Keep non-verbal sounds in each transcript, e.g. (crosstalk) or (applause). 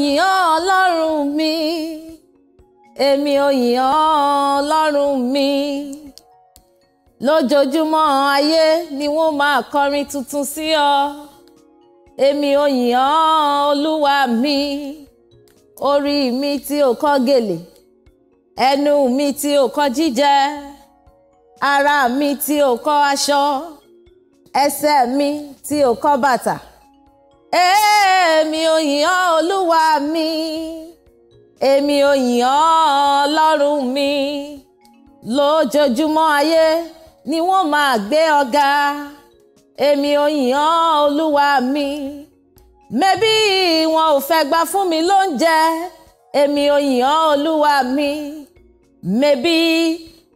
yìn ọ́ ọlọ́run mi èmi ò yìn ọ́ ọlọ́run mi lójoojúmọ́ ayé ni wọ́n máa kọrin tuntun sí ọ èmi ò yìn ọ́ olúwa mi orí mi tí ò kọ́ gèlè ẹnu mi tí ò kọ́ jíjẹ ara mi tí ò kọ́ aṣọ ẹsẹ̀ mi tí ò kọ́ bàtà èmi ò yìn ọ́ olúwa mi èmi ò yìn ọ́ ọlọ́run mi lójoojúmọ́ ayé ni wọ́n máa gbé ọ ga èmi ò yìn ọ́ olúwa mi mẹ́bí wọn ò fẹ́ gbà fún mi lóúnjẹ èmi ò yìn olúwa mi mẹ́bí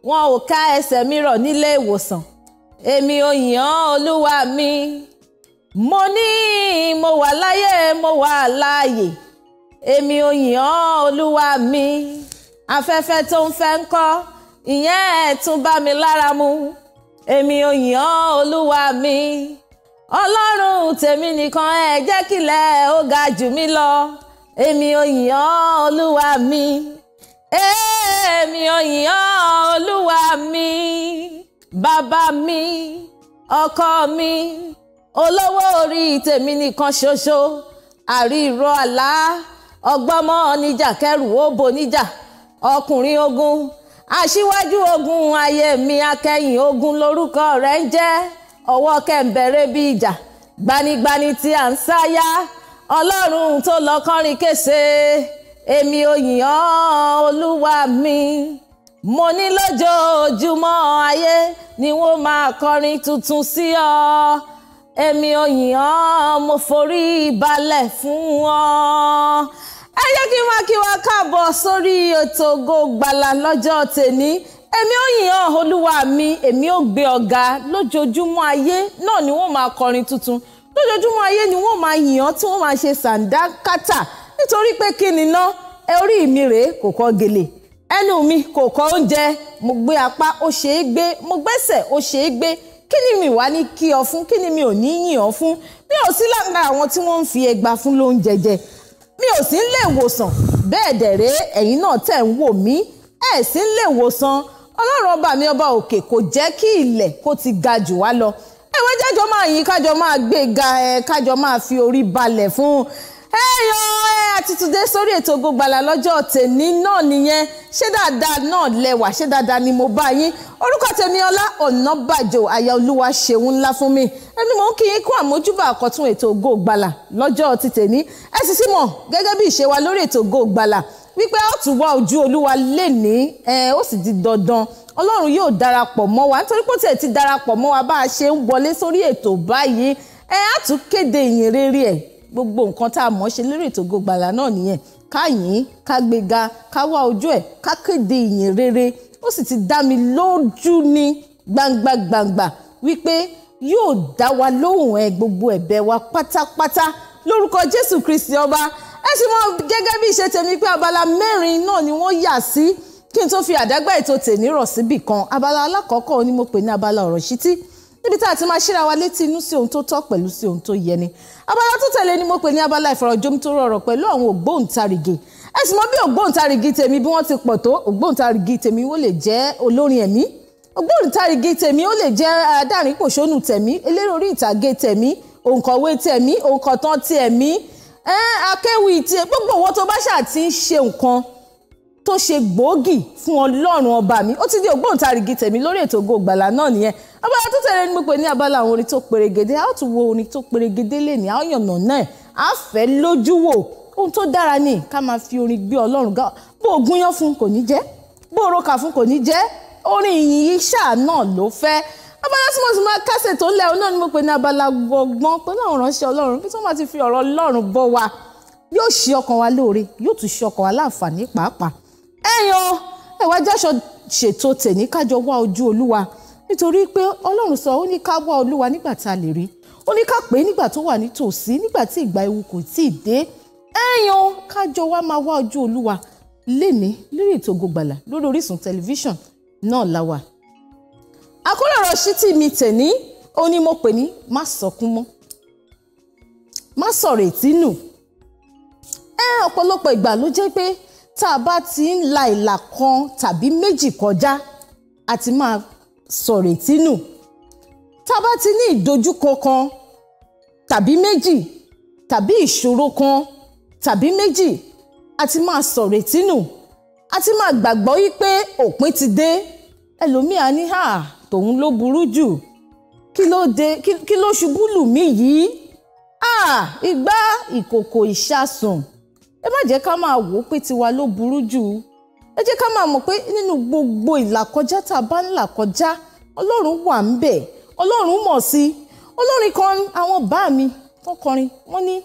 wọn ò ká ẹsẹ̀ mi rọ̀ nílé ìwòsàn èmi ò yìn olúwa mi mo ní mo wà láyé mo wà láàyè èmi ò yìn ọ́ olúwa mi afẹ́fẹ́ tó ń fẹ́ ń kọ́ ìyẹn ẹ̀ tún bá mi lára mu èmi ò yìn ọ́ olúwa mi ọlọ́run tèmi nìkan ẹ jẹ́ kílẹ̀ ó ga jù mí lọ èmi ò yìn ọ́ olúwa mi èmi ò yìn olúwa mi bàbá mi ọkọ mi olówó orí tèmi nìkan ṣoṣo àríró àlá ọgbọ́mọ níjà kẹrù ó níjà ọkùnrin ogun aṣíwájú ogun ayé mi akẹ́yìn ogun lórúkọ rẹ̀ ń jẹ́ ọwọ́ kẹ́ńbẹ̀rẹ̀ bí ìjà gbanigbani tí à ń sáyà ọlọ́run tó lọ kọ́rin kése èmi ò yìn olúwa mi mo ní lójoojúmọ́ ayé ni wọ́n máa kọrin tuntun sí ọ èmi òyìn ọ́ mo forí balẹ̀ fún ọ́ ẹ jẹ́ kí n máa kí wa káàbọ̀ sórí ètò Ògo Ìgbàlà lọ́jọ́ tèmi èmi ò yìn ọ́ olúwa mi èmi ò gbé ọ̀gá lójoojúmọ́ ayé náà ni wọ́n máa kọrin tuntun lójoojúmọ́ ayé ni wọ́n máa yìn ọ́ tí wọ́n máa ṣe sàǹdákátà nítorí pé kí ni ná orí mi rèé kò kọ́ gèlè ẹnu mi kò kọ́ oúnjẹ mo gbé apá ó ṣeé gbé mo gbẹ́sẹ̀ ó ṣeé gbé kí ni mi wá ní kí ọ fún kí ni mi ò ní yìn ọ fún mi ò sí lára àwọn tí wọ́n ń fi ẹgba fún lóúnjẹ jẹ mi ò sí nílé ìwòsàn bẹ́ẹ̀ dẹ̀rẹ́ ẹ̀yin náà tẹ̀ ń wò mí ẹ̀ sí nílé ìwòsàn ọlọ́run ọba mi ọba òkè kò jẹ́ kí ilẹ̀ kó ti ga jù wá lọ ẹ̀wọ́n jẹ́jọ́ máa yìn kájọ máa gbé ga ẹ kájọ máa fi orí balẹ̀ fún un ẹyọ ẹ àti tùdé sórí ètò Ògo Ìgbàlà lọ́jọ́ tèmi náà nìyẹn ṣé dáadáa náà lẹ́wà ṣé dáadáa ni mo bá yín orúkọ tèmi Ọlá Ọ̀nàbàjò àyà olúwa ṣeun ńlá fún mi ẹni mò ń kí yín kú àmójúbà àkọ́tún ètò Ògo Ìgbàlà lọ́jọ́ ti tèmi ẹ sì sí mọ̀ gẹ́gẹ́ bí ìṣe wa lórí ètò Ògo wípé ó ojú olúwa lénìí ẹ ó sì di dandan ọlọ́run yóò darapọ̀ mọ́ wa nítorí pé ó tiẹ̀ ti darapọ̀ mọ́ wa bá a ṣe ń wọlé sórí ètò báyìí ẹ á tún kéde ìyìn rere ẹ gbogbo nǹkan tá a mọ̀ ṣe lórí ètò Ògo náà nìyẹn ká yìn ká gbéga ká wá ojú ẹ ká kéde ìyìn rere ó sì ti dá mi lójú ní gbangba gbangba wípé yóò dá wa lóhùn ẹ gbogbo ẹ̀bẹ̀ wa pátápátá lórúkọ Jésù Kristi ọba ẹ sì mọ̀ gẹ́gẹ́ bí ìṣe tèmi pé abala mẹ́rin náà ni wọ́n yà sí kí n tó fi àdágbà ètò tèmi rọ̀ síbì kan abala alákọ̀ọ́kọ́ ni mo pè ní abala ọ̀rọ̀ ṣítí níbi tá a ti máa ṣíra wa létí inú sí ohun tó tọ́ pẹ̀lú sí ohun tó yẹ ni abala tó tẹ̀lé ni mo pè ní abala ìfọ̀rọ̀jomitoro ọ̀rọ̀ pẹ̀lú àwọn ògbóǹtarìgì ẹ sì mọ bí ògbóǹtarìgì tèmi bí wọ́n ti pọ̀ tó ògbóǹtarìgì tèmi ó lè jẹ́ olórin ẹ̀mí ògbóǹtarìgì tèmi ó lè jẹ́ adárìnpòṣónù tèmi eléré orí ìtàgé tèmi òǹkọ̀wé tèmi òǹkọ̀tàn tèmi ẹ akéwì tèmi gbogbo wọn tó bá ṣáà ti ń ṣe nǹkan tó ṣe gbòógì fún ọlọ́run ọba mi ó ti di ògbóǹtarìgì tèmi lórí ètò Ògo Ìgbàlà náà nìyẹn abala tó tẹ̀lé ni mo ní abala àwọn orin tó perégedé a ó tún wo orin tó perégedé lè ní àyànnà náà àfẹ́ lójú wò ohun tó dára ni ká máa fi orin gbé ọlọ́run ga bó o gúnyán fún kò ní jẹ́ bó o roka fún kò ní jẹ́ orin ìyìn yìí ṣáà náà ló fẹ́ abala tí mo sì máa kásẹ̀ tó lẹ̀ òun náà ni mo pè ní abala gbọ̀ngbọ́n pẹ̀lú àwọn ránṣẹ́ ọlọ́run bí tí wọ́n bá ti fi ọ̀rọ̀ ọlọ́run bọ́ wa yóò ṣe ọkàn wa lóore yóò tún ṣe ọkàn wa láǹfààní pàápàá ẹ̀yin o ẹ wá jáṣọ ṣètò tèmi kájọ wá ojú olúwa nítorí pé ọlọ́run sọ ó ní ká wá olúwa nígbà tá a lè rí ó ní ká pè é nígbà tó wà nítòsí nígbà tí ìgbà ewu kò tíì dé ẹ̀yàn kájọ wa máa wá ojú olúwa léni lórí ètò Ògo Ìgbàlà lórí Orísun tẹlifíṣàn náà la wà. àkórí ọ̀rọ̀ ṣítì mi tẹ̀ní ní mo pè ní má sọkún mọ́ má sọ̀rọ̀ ètí nù. ẹ ọ̀pọ̀lọpọ̀ ìgbà ló jẹ́ pé tá a bá ti ń la ìlà kan tàbí méjì kọjá a ti máa sọ̀rọ̀ ètí nù. tá a bá ti ní ìdojúkọ kan tàbí méjì tàbí ìṣòro kan tàbí méjì àti máa sọ̀rọ̀ ètí nù àti máa gbàgbọ́ yí pé òpin ti dé ẹlòmíà ní hà tòun ló burú jù kí ló dé kí ló ṣubú lù mí yìí ah igbá ìkòkò ìṣàsùn ẹ má jẹ́ ká máa wò ó pé tiwa ló burú jù ẹ jẹ́ ká máa mọ̀ pé nínú gbogbo ìlàkọjá tá a bá ń là kọjá ọlọ́run wà ń bẹ̀ ọlọ́run mọ̀ sí ọlọ́run kan àwọn bá mi tó kọrin wọ́n ní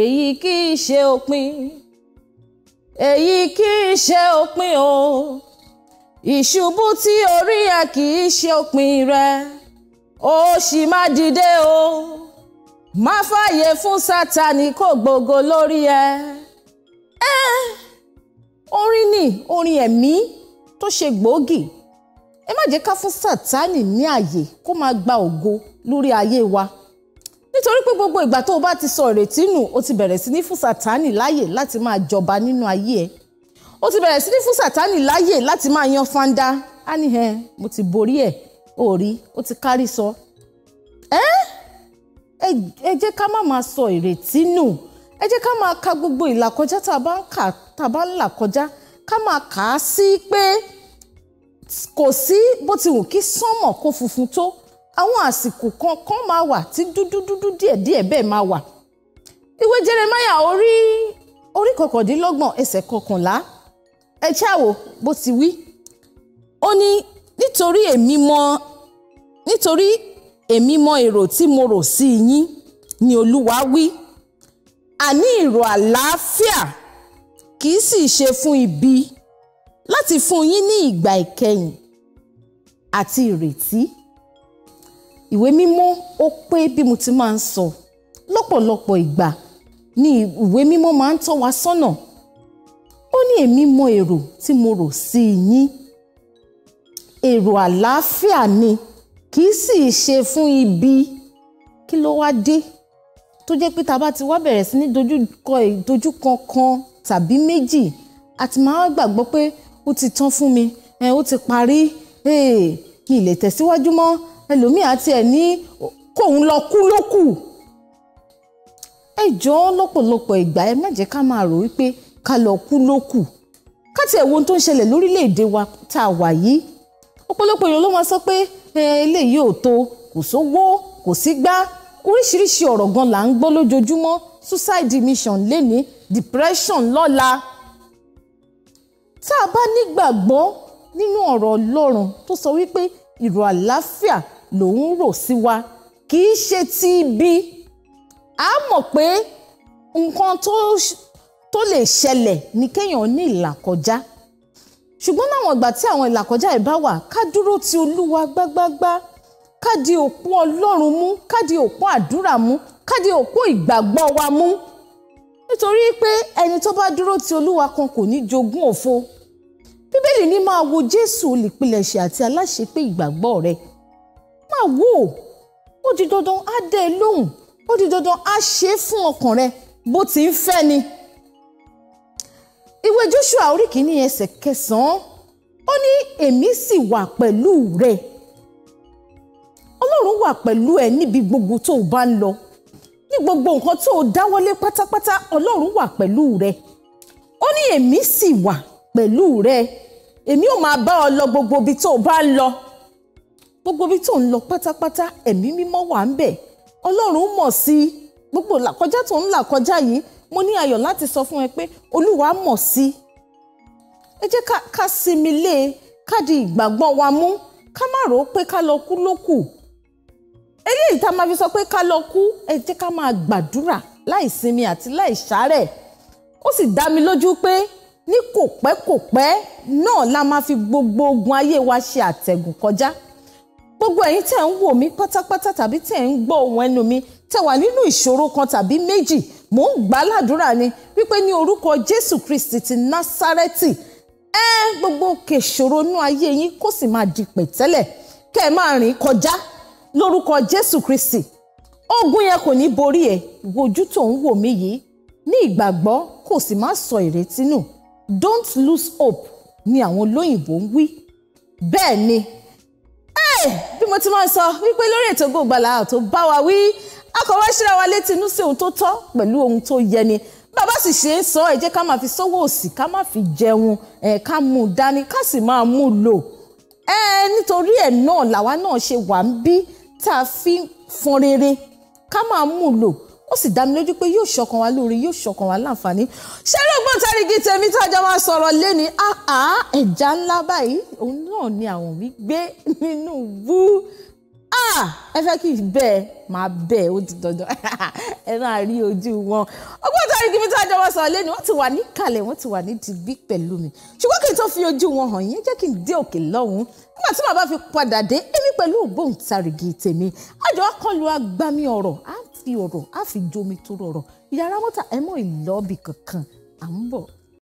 èyí kì í ṣe òpin èyí kì í ṣe òpin o ìṣubú tí orí ẹ kì í ṣe òpin rẹ ó sì máa dìde o má fààyè fún Sátánì kó gbogbo lórí ẹ. orin ni orin ẹ̀mí tó ṣe gbòógì ẹ má jẹ́ ká fún Sátánì ní àyè kó máa gba ògo lórí ayé wa nítorí pé gbogbo ìgbà tó o bá ti sọ ìrètí nù o ti bẹ̀rẹ̀ sí ní fún sátánì láàyè láti máa jọba nínú ayé ẹ o ti bẹ̀rẹ̀ sí ní fún sátánì láàyè láti máa yan fanda á ní hẹn mo ti borí ẹ ò rí o ti kárí sọ ẹ ẹ jẹ́ ká má máa sọ ìrètí nù ẹ jẹ́ ká máa ka gbogbo ìlà kọjá tá a bá ń kà tá a bá ń là kọjá ká máa kà á sí pé kò sí bó ti wù kí sánmọ̀ kó funfun tó àwọn àsìkò kan kan máa wà tí dúdú dúdú díẹ̀ díẹ̀ bẹ́ẹ̀ máa wà ìwé Jeremiah orí orí kọkàndínlọ́gbọ̀n ẹsẹ̀ kọkànlá ẹ ṣáàwó bó ti wí ó ní nítorí èmi mọ nítorí èmi mọ èrò tí mo rò sí yín ni Olúwa wí àní ìrò àlàáfíà kì í sì ṣe fún ibi láti fún yín ní ìgbà ìkẹyìn àti ìrètí ìwé mímọ́ ó pé bí mo ti máa ń sọ lọ́pọ̀lọpọ̀ ìgbà ni ìwé mímọ́ máa ń tọ́ wa sọ́nà ó ní èmi mọ èrò tí mo rò sí i yín èrò àlàáfíà ni kì í sì ṣe fún ibi kí ló wá dé tó jẹ́ pé tá bá ti wá bẹ̀rẹ̀ sí ní dojú kankan tàbí méjì àti máa gbàgbọ́ pé ó ti tán fún mi ó ti parí mi ì lè tẹ̀síwájú mọ́ ẹlòmíì àti ẹ̀ ní kóun lọ kú lókù ẹ jọ lọ́pọ̀lọpọ̀ ìgbà ẹ má jẹ́ ká máa rò wípé ká lọ kú lókù ká tiẹ̀ wo ohun tó ń ṣẹlẹ̀ lórílẹ̀‐èdè wa tá a wà yìí ọ̀pọ̀lọpọ̀ èèyàn ló máa sọ pé eléyìí ò tó kò sówó kò sí gbá oríṣiríṣi ọ̀rọ̀ gan là ń gbọ́ lójoojúmọ́ suicide mission lénìí depression lọ́la tá a bá nígbàgbọ́ nínú ọ̀rọ̀ Ọlọ́run tó sọ wípé ìrọ̀ àlàáfíà lòun rò sí wa kì í ṣe ti ibi a mọ̀ pé nǹkan tó tó lè ṣẹlẹ̀ ni kéèyàn ní ìlàkọjá ṣùgbọ́n láwọn ìgbà tí àwọn ìlàkọjá yìí bá wà ká dúró ti olúwa gbágbágbá ká di òpó ọlọ́run mú ká di òpó àdúrà mú ká di òpó ìgbàgbọ́ wa mú nítorí pé ẹni tó bá dúró ti olúwa kan kò ní jogún òfo bíbélì ní máa wo jésù olùpilẹ̀ṣẹ̀ àti aláṣepé ìgbàgbọ́ rẹ̀ wò ó di dandan á dé e lóhùn ó di dandan á ṣe é fún ọkàn rẹ bó ti ń fẹ́ ni. ìwé Joshua orí kìíní ẹsẹ̀ kẹsàn-án ó ní èmi sì wà pẹ̀lú rẹ ọlọ́run wà pẹ̀lú ẹ níbi gbogbo tó o bá ń lọ ní gbogbo nǹkan tó o dáwọ́lé pátápátá ọlọ́run wà pẹ̀lú rẹ ó ní èmi sì wà pẹ̀lú rẹ èmi ò máa bá ọ lọ gbogbo ibi tó o bá ń lọ gbogbo ibi tó ń lọ pátápátá ẹ̀mí mímọ́ wà ń bẹ̀ ọlọ́run mọ̀ sí i gbogbo làkọjá tó ń là yìí mo ní ayọ̀ láti sọ fún ẹ pé olúwa mọ̀ sí i ẹ jẹ́ ká sinmi lé e ká di ìgbàgbọ́ wa mú ká má rò ó pé ká lọ kú ló kù eléyìí tá a máa fi sọ pé ká lọ kú ẹ jẹ́ ká máa gbàdúrà láì sinmi àti láì ṣàárẹ̀ ó sì dá mi lójú pé ní kò pẹ́ kò pẹ́ náà la máa fi gbogbo ogun ayé wa ṣe àtẹ̀gùn kọjá gbogbo ẹ̀yin tẹ̀ ń wò mí pátápátá tàbí tẹ̀ ń gbọ́ ohùn ẹnu mi tẹ̀ wà nínú ìṣòro kan tàbí méjì mò ń gbà ni wípé ní orúkọ Jésù Kristi ti Násárẹ́tì ẹ gbogbo kèsòro inú ayé yín kó sì máa di pẹ̀tẹ́lẹ̀ kẹ́ ẹ máa rìn kọjá lórúkọ Jésù Kristi ogun yẹn kò ní borí ẹ wojú tó ń wò mí yìí ní ìgbàgbọ́ kò sì má sọ ìrètí nù don't lose hope ni àwọn olóyìnbó ń wí bẹ́ẹ̀ ni. Hey! mo ti máa ń sọ wípé lórí ètò Ògo Ìgbàlà tó bá wa wí akọ̀wé ṣíra wa létí inú sí ohun tó tọ́ pẹ̀lú ohun tó yẹ ni bàbá sì ṣe é sọ ẹ jẹ́ ká máa fi sọ́wọ́ òsì ká máa fi jẹun ẹ̀ ká mú un dání ká sì máa mú un lò ẹ nítorí ẹ̀ náà làwa náà ṣe wà ń bí tá a fi fọn rere ká máa mú un lò ó sì dá mi lójú pé yóò ṣọkan wa lóore yóò ṣọkan wa láǹfààní ṣẹlẹ ògbóǹtarìgì tèmi tájọ máa sọ̀rọ̀ lẹni àá ẹja ńlá báyìí òun náà ni àwọn mi gbé nínú wú ẹ fẹ́ kí bẹ́ẹ̀ máa bẹ́ẹ̀ ó di dandan (laughs) ẹ máa rí ojú wọn ògbóǹtarìgì mi tájọ máa sọ̀rọ̀ lẹni wọ́n ti wà níkàlẹ̀ wọ́n ti wà ní digbí pẹ̀lú mi ṣùgbọ́n kí n tó fi ojú wọn hàn yín jẹ́ kí n dé òkè lọ́hùn-ún nígbà tí màá bá fi padà dé èmi pẹ̀lú ògbóǹtarìgì tèmi àjọ akọlù agbami ọ̀rọ̀ á fi ọ̀rọ̀ á fi jomi tó rọrọ̀ ìyàrá mọ́tà ẹ mọ̀ ìlọ́ọ̀bì kankan à ń bọ̀.